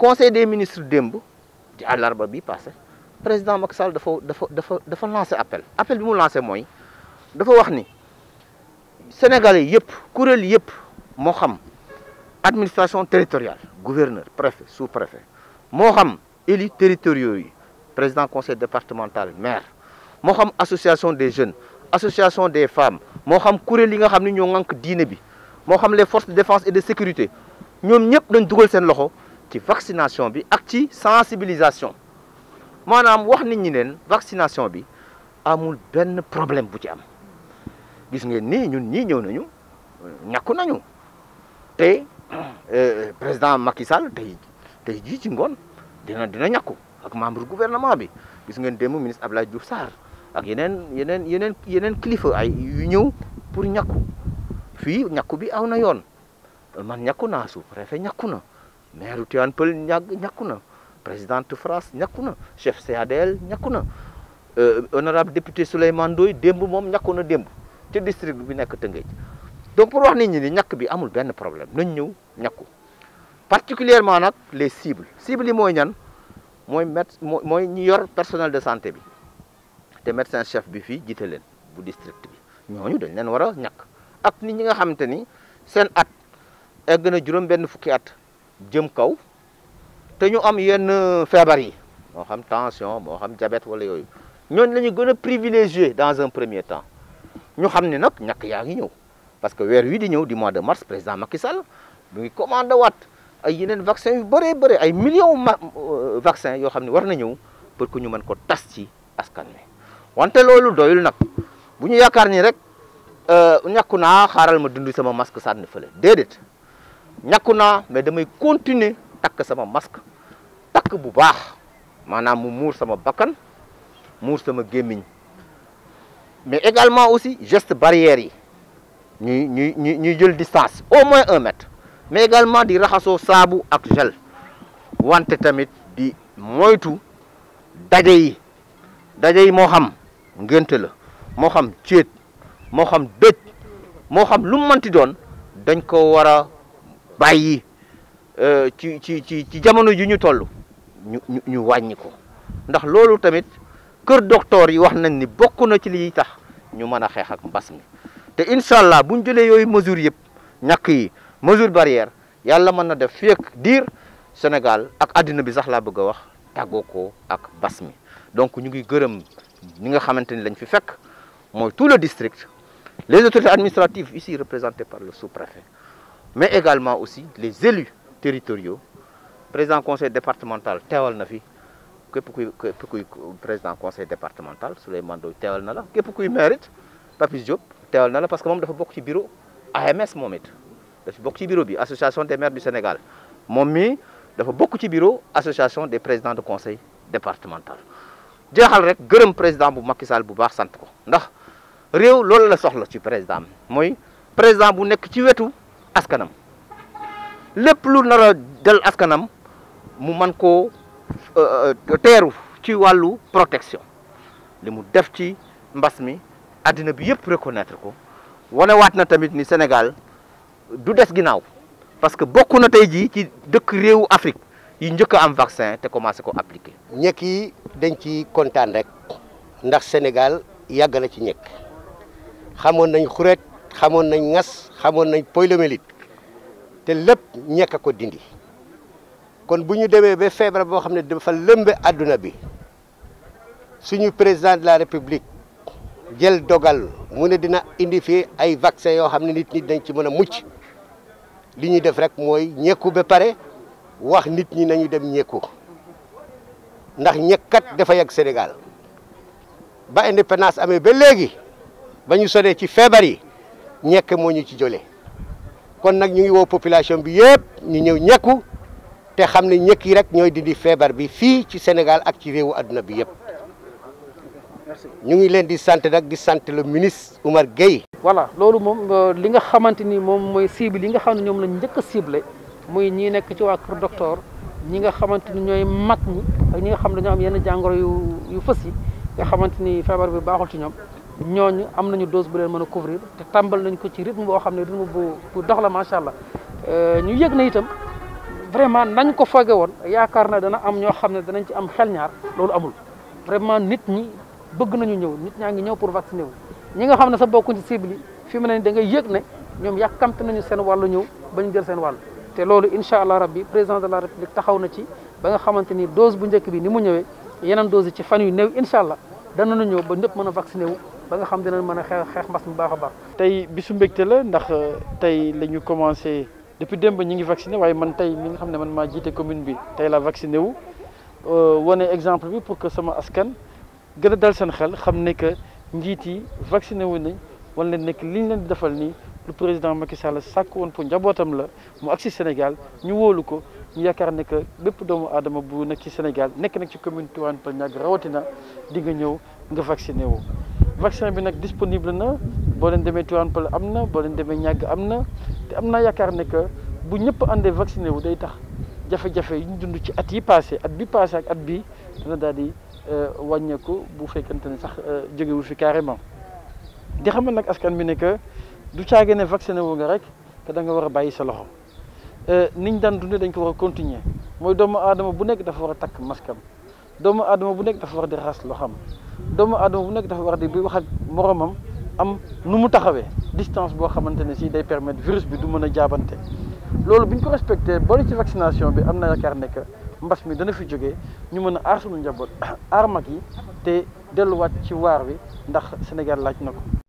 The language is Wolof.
conseil des ministres d'Embo, ci bi passé président Moksal a lancé appel appel bi mu lancé dafa ni sénégalais les kuréel les Moham, administration territoriale gouverneur préfet sous préfet les élus territoriaux président conseil départemental maire Moham xam association des jeunes association des femmes Moham xam les forces de défense et de sécurité Nous avons dañ de seen ci vaccination bi ak sensibilisation wax nit ñi vaccination bi amul problème bu ci am gis ngeen ñun nañu euh, président Macky Sall tey ci dina ak membre gouvernement bi gis ngeen ministre Abdoulaye Diouf sar ak yenen yenen yenen yenen ay pour bi na man préfet maire Tivaouane Peulh ñàkk ñàkku na présidente France ñàkku na chef CADL ñàkku na euh, honorable député Souleymane Ndoye démb moom ñàkku na démb ci district bi nekk Tëngéej donc pour wax nit ñi ni ñàkk bi amul benn problème nañ ñëw ñàkku particulièrement nag les cibles cibles yi mooy ñan mooy méde mooy ñi yor personnel de santé bi te médecin chef bi fii jiite leen bu district bi ñooñu dañ leen war a ñàkk ak nit ñi nga xamante ni seen at egg na juróom benn fukki at jëm kaw te ñu am yenn euh, feebar yi moo xam tension bo xam diabète wala yoyu ñooñu lañu gëna privilégier dans un premier temps ñu xam ne nag ñàkk yaa ngi ñëw parce que weer wi di ñëw di mois de mars président Macky Sall mu ngi commander wat ay yeneen vaccin yu bëree bëri ay millions ma euh, vaccin yoo xam ne war na ñëw pour que ñu mën ko tas ci askan wi wante loolu doyul nag bu ñu yaakaar ni rek euh, ñàkku naa xaaral ma dund sama masque sànni fële déedéet ñakuna mais damay continuer tak sama masque tak bu baax manam mu muur sama bakkan muur sama gemign mais également aussi geste barrière yi ñi ñi ñi jël distance au moins 1 mètre mais également di raxaso sabu ak gel wante tamit di moytu daje yi daje yi moo xam ngénte la moo xam ciet mo xam dëj mo xam lu mën ti doon dañ ko wara bàyyi euh, ci ci ci ci jamono ji ñu toll ñu ñu wàññi ko ndax loolu tamit kër docteur yi wax nañ ni bokk na ci liy tax ñu mën a xeex ak mbas te incha allah buñ jëlee yooyu mesures yëpp ñàkk yi mesure barrière yàlla mën na def fii ak diir Sénégal ak addina bi sax laa bëgg a wax tàggoo ko ak mbas mi donc ñu ngi gërëm ñi nga xamante ni lañ fi fekk mooy tout le district les autorités administratives ici représentées par le sous-préfet mais également aussi les élus territoriaux président conseil départemental teewal na fi képp kuy képp kuy président conseil départemental Souleymane Ndoye teewal na la képp kuy maire it Papis Diop Théol parce que moom dafa bokk ci bureau AMS moom it dafa bokk ci bureau bi association des maires du Sénégal moom mii dafa bokk ci bureau association des présidents de conseil départemental jeexal rek gërëm président bu Macky Sall bu baax c'est ko ndax réew loolu la soxla ci président vous président bu tu ci tout askanam Le lu nara del askanam mu man euh, euh terre ci protection li mu def ci bi reconnaître Sénégal parce que beaucoup na tay ont ci deuk Afrique yi un am vaccin commencé ko appliquer. dañ ci rek ndax Sénégal xamoon nañ ŋas xamoon nañ poliomyélite te lépp ñekk ko dindi kon bu ñu demee ba feebar boo xam ne dafa lëmbe àdduna bi suñu président de la république jël dogal mu ne dina indi fii ay vaccin yoo xam ne nit ñi dañ ci mën a mucc li ñuy def rek mooy ñekku ba pare wax nit ñi nañu dem ñekku ndax ñekkat dafa yegg Sénégal ba indépendance amee ba léegi ba ñu sonee ci feebar yi ñekk moo ñu ci jole kon nag ñu ngi woo population bi yëpp ñu ñëw ñekku te xam ne ñekk yi rek ñooy dindi feebar bi fii ci Sénégal ak ci réewu adduna bi yëpp ñu ngi leen di sant nag di sant le ministre Oumar Gueye. voilà loolu moom euh, li nga xamante ni moom mooy cible yi nga xam ne ñoom lañ njëkk a muy ñi nekk ci waa Kër ñi nga xamante ni ñooy mag ñi ak ñi nga xam ne dañoo am yenn jàngoro yu yu fës yi nga xamante ni feebar bi baaxul ci ñoom. ñooñu am nañu dose bu leen mën a couvrir te tàmbal nañ ko ci rythme boo xam ne rythme bu bu dox la macha allah euh, ñu yëg na itam vraiment nañ ko foge woon yaakaar na dana am ñoo xam ne danañ ci am xel ñaar loolu amul vraiment nit ñi bëgg nañu ñëw nit ñaa ngi ñëw pour vacciner wu ñi nga xam ne sa bokkuñ ci cible yi fi mu ne da ngay yëg ne ñoom yàkkamte nañu seen wàllu ñëw ba jël seen wàll te loolu incha allah rabbi président de la république taxaw na ci ba nga xamante ni dose bu njëkk bi ni mu ñëwee yeneen dose yi ci fan yu néew incha allah danañu ñëw ba ñëpp mën a vacciné wu ba nga xam dinañ mën a xeex xeex mbas mu baax a baax. tey bisu mbégte la ndax euh, tey la ñu commencé depuis démb ñi ngi vacciné waaye man tey mi nga xam ne man maa jiite commune bi tey la vacciné wu euh, wane exemple bi pour que sama askan gën a dal seen xel xam ne que njiit yi vacciné wu nañ wan leen nekk liñ leen di defal nii lu président Macky Sall sàkk woon pour njabootam la mu agsi Sénégal ñu wóolu ko ñu yaakaar ne que bépp doomu aadama bu nekk ci Sénégal nekk nag ci commune Tivaouane Peulh rawatina di nga ñëw nga vacciné wu vaccin bi nag disponible na boo leen demee Tivaouane Peulh am na boo leen demee ñàgg am na te am naa yaakaar ne bu ñëpp àndee vacciné wu day tax jafe-jafe yi ñu dund ci at yi passé at bi passé ak at bi dina daal di euh, wàññeeku bu fekkente ne sax euh, jógewu fi carrément di xamal nag askan bi ne du caage ne vacciné wu nga rek danga war a bàyyi sa loxo euh, ni ñu daan dundee dañ ko war a continuer mooy doomu aadama bu nekk dafa war a takk masque am doomu aadama bu nekk dafa war di raxas loo xam doomu aadama bu nekk dafa war di bi wax moromam am nu mu taxawee distance boo xamante ne si day permettre virus bi du mën a jaabante loolu bu ñu ko respecté ci vaccination bi am na yaakaar ne mbas mi dana fi jógee ñu mën a aar suñu njaboot aar mag yi te delluwaat ci waar wi ndax Sénégal laaj na